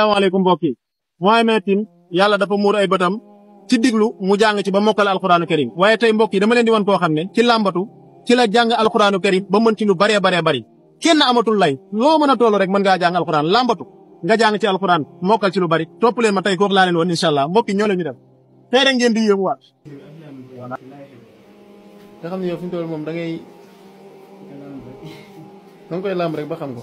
assalamualaikum mbokk moy mooy yalla dafa muur ay batam ci diglu mu jang ci ba mokal alquran karim waye tay mbokki dama len di won ko xamne ci lambatu ci la jang alquran karim ba mën ci lu bare bare bare kenn amatul lay lo meuna tolo rek mën nga jang alquran lambatu nga jang ci alquran mokal ci lu bari top len ma tay kooku la len won inshallah mbokki ñoo leen ñu def tay rek ngeen di yéemuwaat nga da xamni yow fi mu mom da ngay da koy lamb rek ba xam ko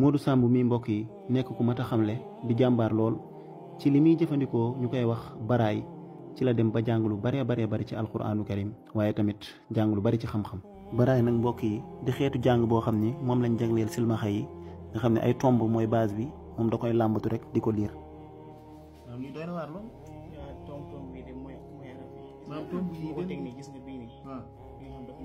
Modou sambu mi mbok yi nek ku mata xamle di jambar lol ci limi muy ñukay wax baray ci la dem ba jàng lu baree bari ci alquraanu karim waye tamit jàng lu bari ci xam-xam. baray nak mbok yi di xeetu jang bo xamni mom moom jangleel silma silmaxa yi nga xamni ay tombe moy base bi mom da koy lambatu rek diko lire ñu doyna war lool. tomb bi de mooy yi. maam gis nga xam dafa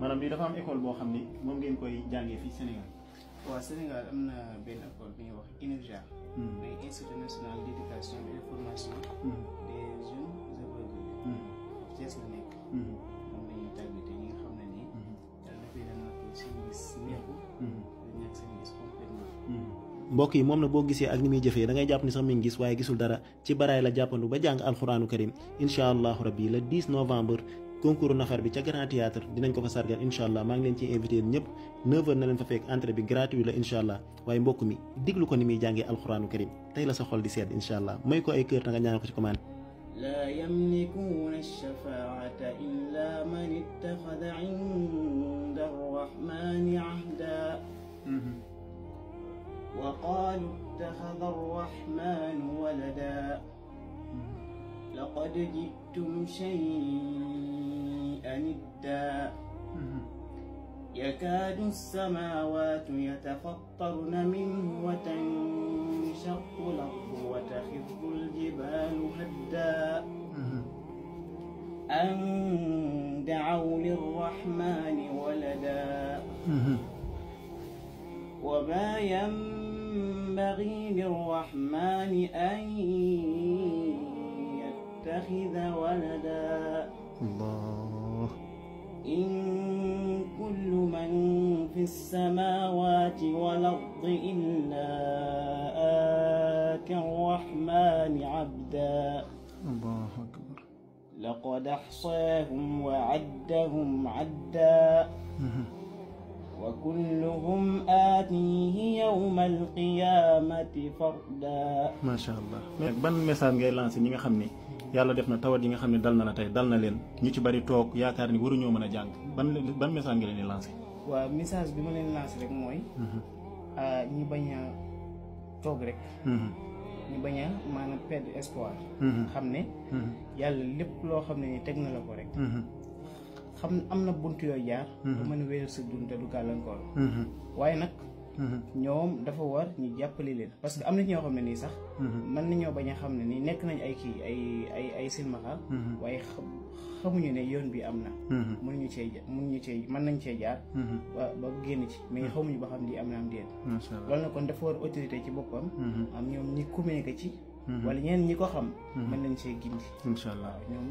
maanaam lii dafa am école boo xam ni moom ngeen koy jàngee fii Sénégal. waaw Sénégal am na benn école bi ñuy hmm. hmm. hmm. mbokk yi moom na boo gisee ak ni muy jëfee da ngay jàpp ni sax mi ngi gis waaye gisul dara ci baraay la jàppandu ba jàng alxuraanu karim incha allahu rabbi le 10 novembre. concours nafar bi ci Grand Théâtre dinañ ko fa sargal inshallah ma ngi len ci inviter ñep 9h na len fa fek entrée bi gratuit la inshallah way waaye mbokk mi diglu ko ni mi jangé alcorane karim tay la sa xol di sét inshallah may ko ay kër nga ñaan ko ci commande illa man ittakhadha 'inda ar اتخذ 'ahda mm-hmm. wa qalu ittakhadha ar الرحمن walada mm-hmm. laqad jittum shay'an عن يكاد السماوات يتفطرن منه وتنشق الأرض وتخف الجبال هدا أن دعوا للرحمن ولدا وما ينبغي للرحمن أن السماوات والأرض إلا آتي الرحمن عبدا الله أكبر لقد أحصاهم وعدهم عدا وكلهم آتيه يوم القيامة فردا ما شاء الله بان مثال غير لانسي نيغا خمني يالا ديفنا تاوات tawat خمني دالنا لا تاي دالنا لين ني سي dal توك ياكار ني ورو bari مانا جانغ بان بان mën a jàng wa message bima len leen rek moy euh mhm. ah, ñi baña tok rek. Mhm. ñu bañ a maanaam perdre espoir. Mhm. xamne yalla lepp lo xamne ni tek na la ko rek. xam amna buntu yo yooyu jaar. ba mën wéyal sa dund te du gàllankoor. waye nak Mm-hmm. ñoom dafa war ñu jàppale leen parce que am na ñoo xam ne nii sax mm-hmm. mën nañoo bañ a xam ne nii nekk nañ ay kii ay ay ay silmaxa mm-hmm. waaye xamuñu ne yoon bi am na mën ñu cee mën ñu cee mën nañ cee jaar ba ba génn ci mais xamuñu ba xam di am na am déet loolu na kon dafa war autorité ci boppam am ñoom ñi communiqué ci wala ñeen ñi ko xam mën nañ cee gindi incha allah ñoom